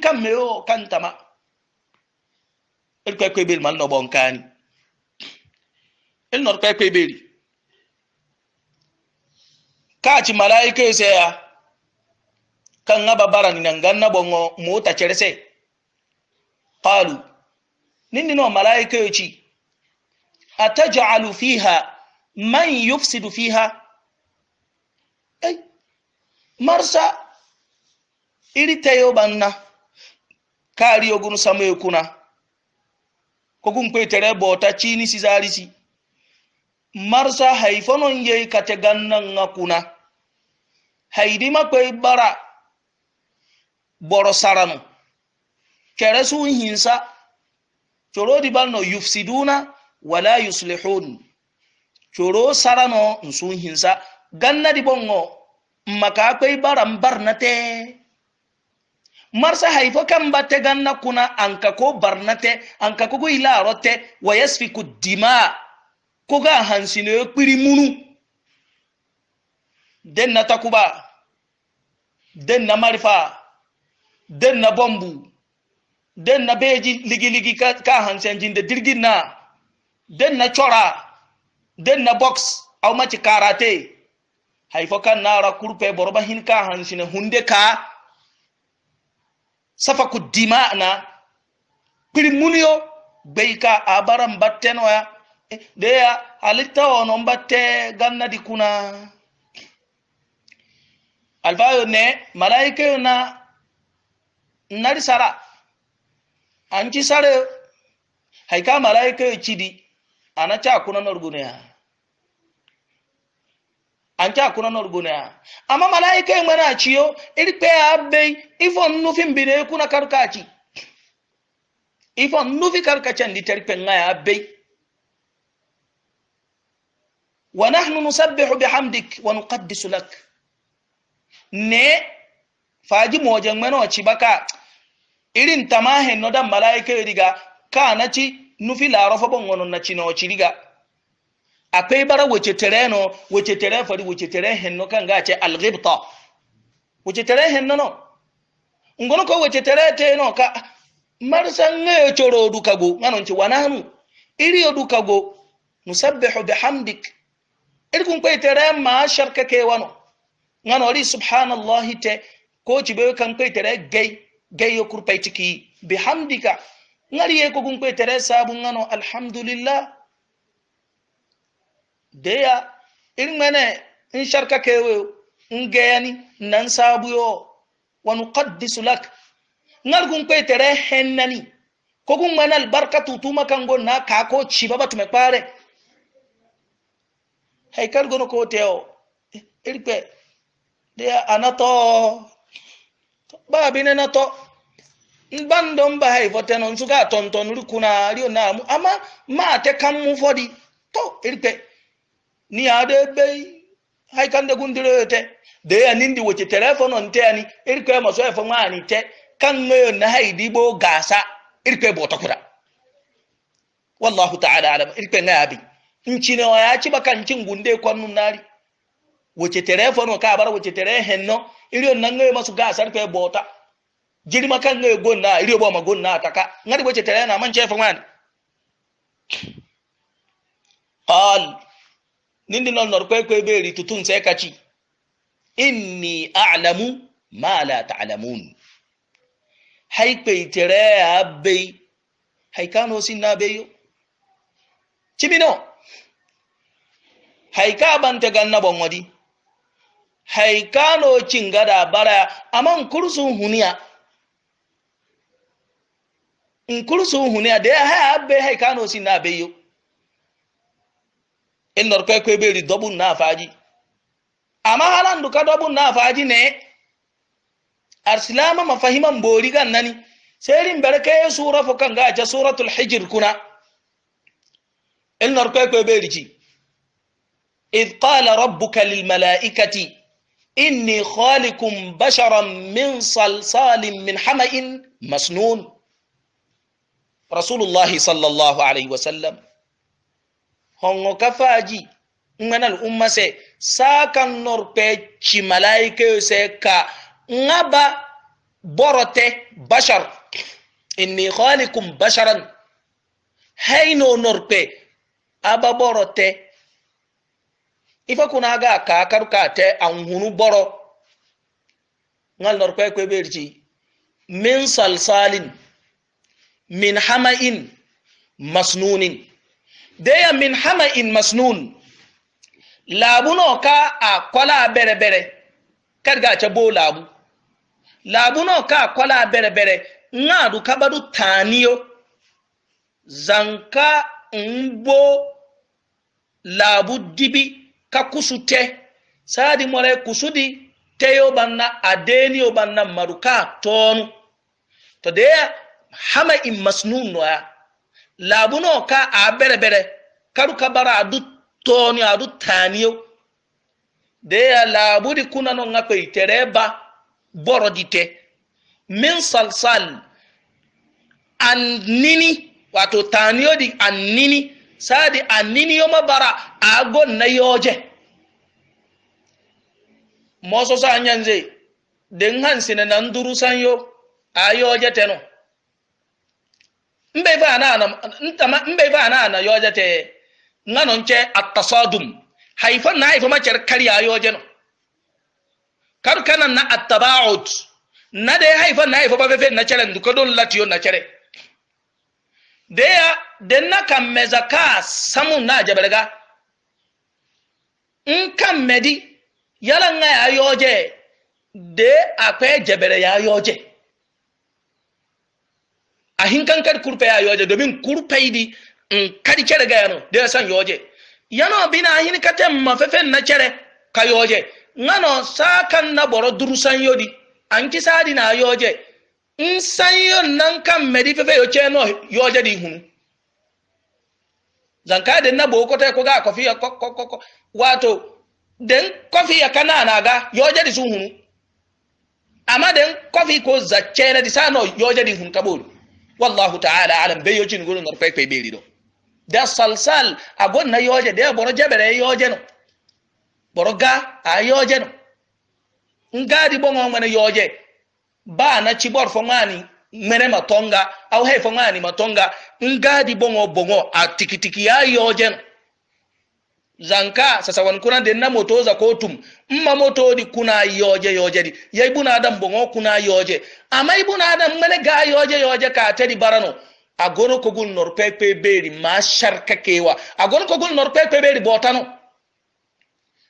kan mero kan tama il kwe kwe bel man no bon kani il nor kwe kwe bel ka ci malaika sai ya kan ngaba baran nan ganna bongo mota cerse qalu ninni no malaika yoci ataj'alu fiha man yufsidu fiha ay marsa iritayo banna kari ogun sama ekuna kogun kwetere bota chini sizarisi marsa haifanon yayi kate gannan kuna, haidi makwai bara boro saranu kere sun hinsa coro dibalno yufsiduna wala yuslihun coro sarano sun hinsa ganna dibongo maka akwai bara te. marsa haifo kan batte ganna kuna anka ko barna barnate anka ko te wa ku dima ko ga hansino kpiri munu den na takuba den na marifa den na bombu den na beji ligiligi ka, hansi an jinde dirgin na den na chora den na box au maci karate haifo kan ra kurpe boroba hin ka hansi ne hunde ka safaku dima'na pirimuniyo gbeika abara mbattenoya ya e, halitta ono mbatte di kuna alfayo ne malaike na nari sara ci sare malaike malaikayo cidi anaca kuna norguneya anke akuna norgunea ama malaika imwene achiyo ilikpe abei ifo nnufi mbine kuna karukachi ifo nnufi karukachi anditarikpe ngaya abei ونحن bihamdik بحمدك ونقدس lak ne faji mojen mano ci baka irin tamahen no dan malaika riga kana ci nufi larofo bon wonon na ci no ci riga akwai bara wace tare no wace tare fari wace tare hinno kan ga ce alghibta wace tare hinno no ngono ko wace tare te no ka marsan ne choro dukago ngano ci wananu iri dukago nusabbihu bihamdik irkun kwai tare ma sharka ke wano ngano ri subhanallahi te ko ci be kan kwai tere gai gai yo kurpai ciki bihamdika ngari ye ko gun kwai tere sabu ngano alhamdulillah deya irimene in sarka kewe in geyani nan sabuyo wa nuqaddisu lak ngal gun kpe tere hennani kogun mana albarka tutuma kango na kako ciba eh, ba tume kpare haikal gono koteo irikpe deya anato babine nato bando mba hai foteno nsuka tonton rukuna rio namu ama mate kamu fodi to irikpe ni ade bei haikande kande gundire te de ya nindi wochi telefono nte ani irke maso efo ngani te kan ngayo na hai dibo gasa irke bota kura wallahu ta'ala alam irke ngabi nchine wa yachi baka nchin gunde kwa nunari wochi telefono ka bara wochi tere henno iriyo na ngayo maso gasa irke bota jirma maka ngayo gonna iriyo bo magonna ataka ngari wochi tere na manche efo ngani قال ndị nọ nọrọkwa ekwe ebe eri tutu nse kachi inni a'lamu ma la ta'lamun haikpe itere abei haikano si na abeyo chimino haika bante ganna bongodi haikano ama bara aman kursu huniya su huniya dee, ha abe haikano si na abeyo elor ko ko beri dobun na faji amma halan duka dobun na faji ne arsilama mafahiman bori gan nani serin barka ya sura fukan ga ja suratul hijr kuna elor ko ko beri ci id qala rabbuka lil malaikati inni khaliqum basharan min من min hama'in masnun الله sallallahu الله عليه وسلم hongo kafaji nganal umma se sakan norpe ci malaika se ka ngaba borote bashar inni khalikum basharan hayno norpe aba borote ifa kuna ga kakar ka te an boro ngal norpe ko berji min salsalin min hama'in masnunin deya min hama in masnun labu no ka a kwala bere bere karga ce bo labu labu no ka a kwala bere bere kabadu taniyo zanka mbo labu dibi ka kusute sadi more kusudi teyo banna adeniyo banna maruka tonu to deya hama in masnun no laabu no ka a berebere karu ka bara adu tooni adu taaniyo deya laabu di kuna no ŋa kpei tere ba boro di te min salsal an nini wato taaniyo di an nini saadi an niniyo ma bara a go na yooje mososo a ñanze den han sine nan durusanyo a yooje teno mbe ba na na ntama mbe ba na na yoje te ngano nche atasadum haifa na haifa macer karya yoje no kar kana na atabaud na de haifa na haifa ba fe na chere nduko don latiyo na chere de ya den na kan mezaka samu na jabarga in kan medi yalan ya yoje de akwe jabere ya yoje ahin kankar kurpe ya yoje domin kurpe di in mm, kadi kere ga yano da san yoje yano bina ahin kate mafefen na kere ka yoje ngano sakan na boro durusan yodi an kisadi na yoje in san yon nan kan medi fefe yo cheno yoje di hunu zanka den na boko te ko ga kofi ya ko wato den kofi ya kana na ga yoje di su hunu amma den kofi ko za zaccene di sano yoje di hunu kabolu wallahu ta'ala alam be yojin gulu nor pay pay be rido da salsal agon na yoje de boro jabere yoje no boro ga a yoje no ngadi bongo ngana yoje ba na ci chibor fo ngani mene matonga au he fo ngani matonga ngadi bongo bongo a tikitiki a yoje no zanka sasawan kuna denna moto za kotum mma moto di kuna yoje yoje di yai buna adam bongo kuna yoje amma buna adam mele ga yoje yoje ka tedi barano agono kogul norpepe beri ma sharka kewa agono kogul norpepe beri botano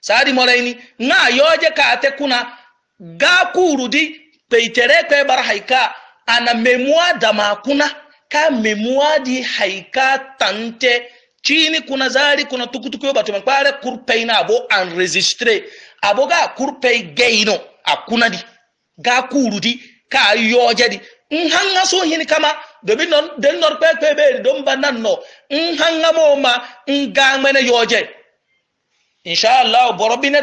sadi moraini na yoje ka te kuna ga di peitere pe bar haika ana memua dama kuna ka memua di haika tante chini kuna zari kuna tukutuku yo batuma kware kurpei na abo enregistre abo ga kurpei geino akuna di ga kuru di ka yoje di in hanga so hini kama domin non den nor pe pe be don banan no in hanga mo ma in ga mene yoje insha Allah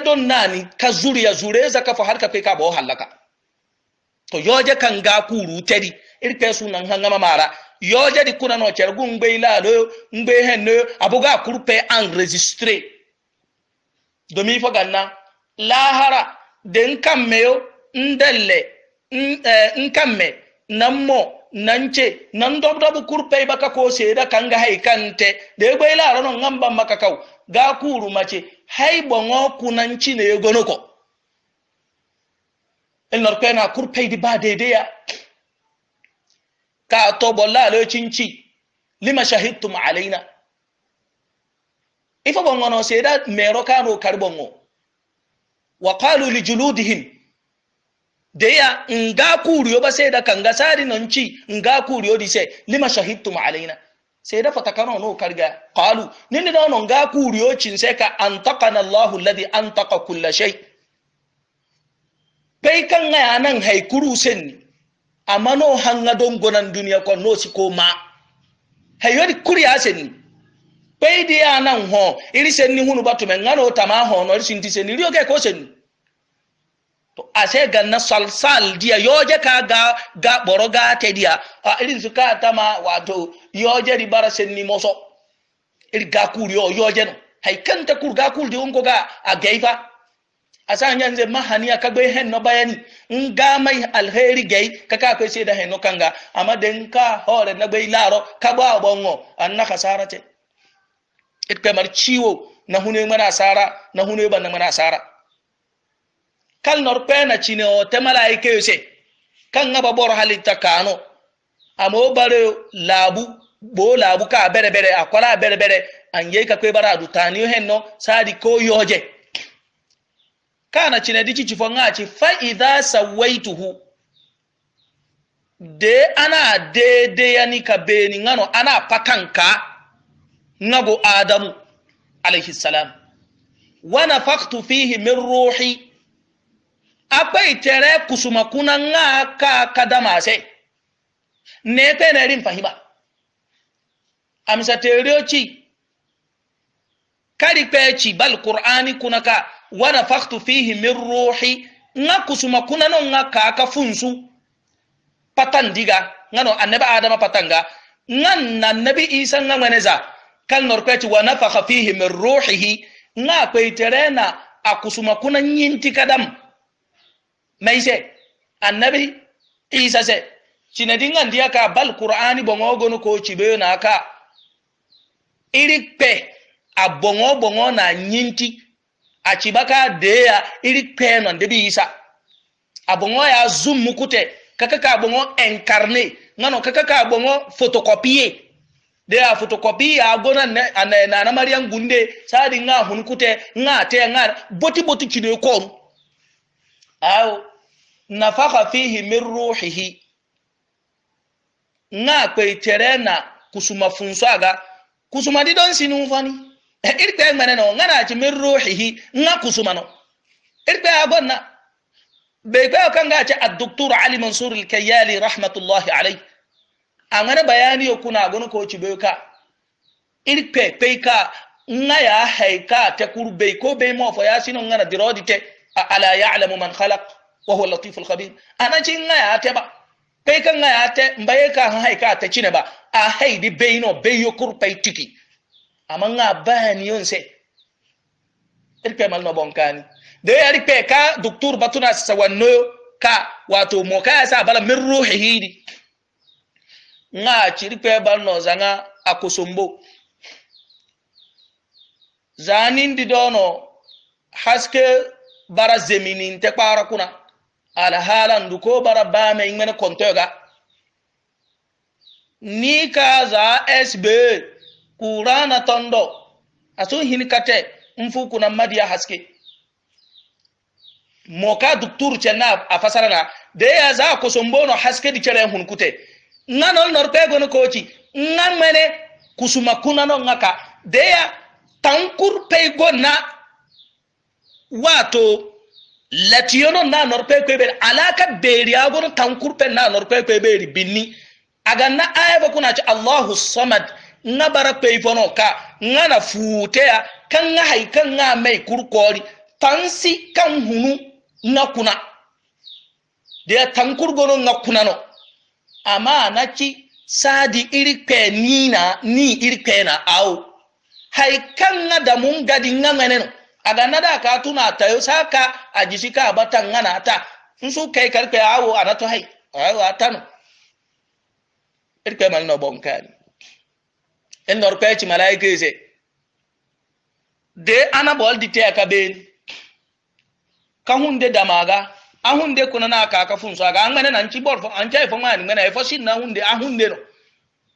don nani ka zuriya zure zaka fa har ka kai ka bo halaka to yoje kan ga kuru tedi irka na nan hangama mara yo jadi kuna no chergu ngbe ila do ngbe henne abuga kurpe enregistrer domi fo lahara de nkamme yo ndelle e, nkamme nammo nance nan dobdobu kurpe baka ko seda kanga hay kante de gbe ila ro ngamba makakaw ga kuru mace hay bongo kunanci ne yogonoko elnor yana kurpe di ba ya. ka to bolla lo lima shahidtum alaina ifa bongo no seda mero kano karbongo wa qalu li juludihim ya nga kuriyo ba seda kanga sari ci nga kuriyo di se lima shahidtum alaina seda fatakano no karga qalu nini da non nga kuriyo cin se ka antaqana allah alladhi antaqa kull shay Kai kan ga nan haikuru senni amma no hanga don gonan duniya ko no si ko ma hayori kuriya seni peidi ya na ho iri seni hunu batume ngano tama ho no iri sinti seni ri oge ko seni to ase ganna salsal dia yoje ka ga ga boro ga te dia a iri su ka tama wato yoje ri bara seni moso iri ga kuri o yoje no hay kanta kur ga kur di onko ga a geifa a nze mahania kagbe henno bayani ngama alheri gay ka kai sai da henno kanga amma den ka hore na gbe laro ka ba bongo anna khasara ce it kamar ciwo na hune mana asara na hune ban mana asara kal nor pena chine o te malaika yo kan ngaba bor halitta kano o bare labu bo labu ka bere bere akwala bere bere an yei ka kwe bara adutani henno sadi ko yoje kana chine diki chifo ngachi fa idha sawaituhu de ana dede yani ka beni ngano ana patanka nago adamu alayhi salam wa nafakhtu fihi min ruhi Akwai tere kusuma kuna nga ka kadama se ne pene rin fahima amsa tereochi kari pechi bal qur'ani kuna ka Wana nafaktu fihi min ruhi nga kusuma kuna no nga kaka funsu patandiga nga no annabi adama patanga nga na nabi isa nga ngweneza kal norkweti wa faka fihi min ruhihi nga kweiterena akusuma kuna nyinti kadam maise annabi isa se cinadinga ndiya ka bal qur'ani bongo gonu ko cibeyo na ka iri pe a bongo bongo na nyinti achibaka dee ya iri pɛɛnɔ de bi yisa abɔngɔ ya zum mukute kaka ka abɔngɔ encarne ngano kaka ka abɔngɔ photocopie de a photocopie ya gona na na na maria ngunde sadi nga hunkute nga te nga boti boti chine ko aw nafakha fihi min ruhihi nga kwaitere na kusuma funso aga kusuma di don sinu fani irte ngmane no ngana ci min ruhihi nga kusumano irte agonna be gbe kan ga ci ad-doktor Ali Mansur al-Kayali rahmatullahi alayhi amana bayani yo kuna gonu ko ci be ka irpe pe ka nga ya haika ta kurbe ko be mo fo ya sino ngana dirodi te ala ya'lamu man khalaq wa huwa latif al-khabir ana ci nga ya te ba pe kan nga ya te mbaye ka haika ta cine ba a haidi beino beyo kurpe tiki amanga bahani yonse irpe mal no bonkani de yarpe ka docteur batuna sawanno ka wato mo ka sa bala min ruhi hidi nga chirpe bal no zanga akosombo zanin di dono haske bara zeminin te kpara kuna alhalan halan duko bara bame ingmene kontoga ni ka za sbe kurana tondo asun hinkate nfu kuna madiya haske moka duktur cenna a na de ya za ko sombono haske di cere hunkute nganol norpe gono koci mene kusuma kunano ngaka de ya tankur peygo na wato latiyono na norpe be alaka beri agono tankur pe na norpe kwebe binni na ayaba kuna ci allahus samad nga bara kpei fono ka nga na futea kan nga hai kan nga mai kurkori tansi kan hunu nga kuna da tankurgono nga kuna no amma na ki sadi iri kpe ni na ni iri kpe na au hai kan nga da mun gadi nga ngane no aga nada ka na tayo saka ajisika abata nga na ata nsu kai karpe au anato hai au atano iri kpe malino bonkani enor pechi malaika ise de di te aka ben kahunde damaga ahunde kuna na aka aka so aga angmene na nchi bol an chai fo ngani e fo sin na hunde ahunde no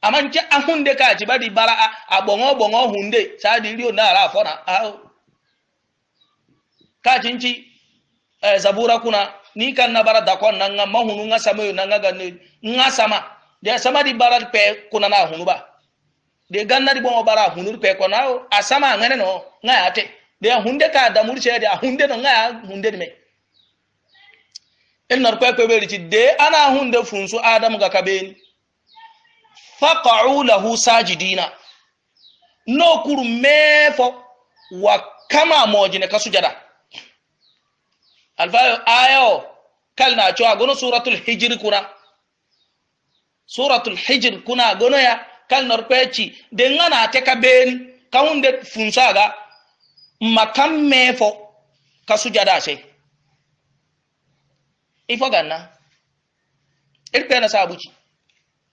ama nche ahunde ka chi badi bara abongo bongo hunde sadi rio na ala fo na ka chi nchi eh, zabura kuna ni kan na bara dakon na nga mahunu nga samayo na nga ganne nga sama de sama di bara pe kuna na hunu ba de ganna di bon bara hunur pe ko nawo asama ngene no ngaya te de hunde ka da murche de hunde no ngaya hunde de me en nar ko ko be ci de ana hunde funsu adam ga kabeni faqa'u lahu sajidina no kur fo wa kama moji ne kasujada alfa ayo kalna cho agono suratul hijr kuna suratul hijr kuna gono ya kal nor kweci de ngana te ka beni kawunde funsaga makam mefo ka sujada se ifo ganna irpe na sabuci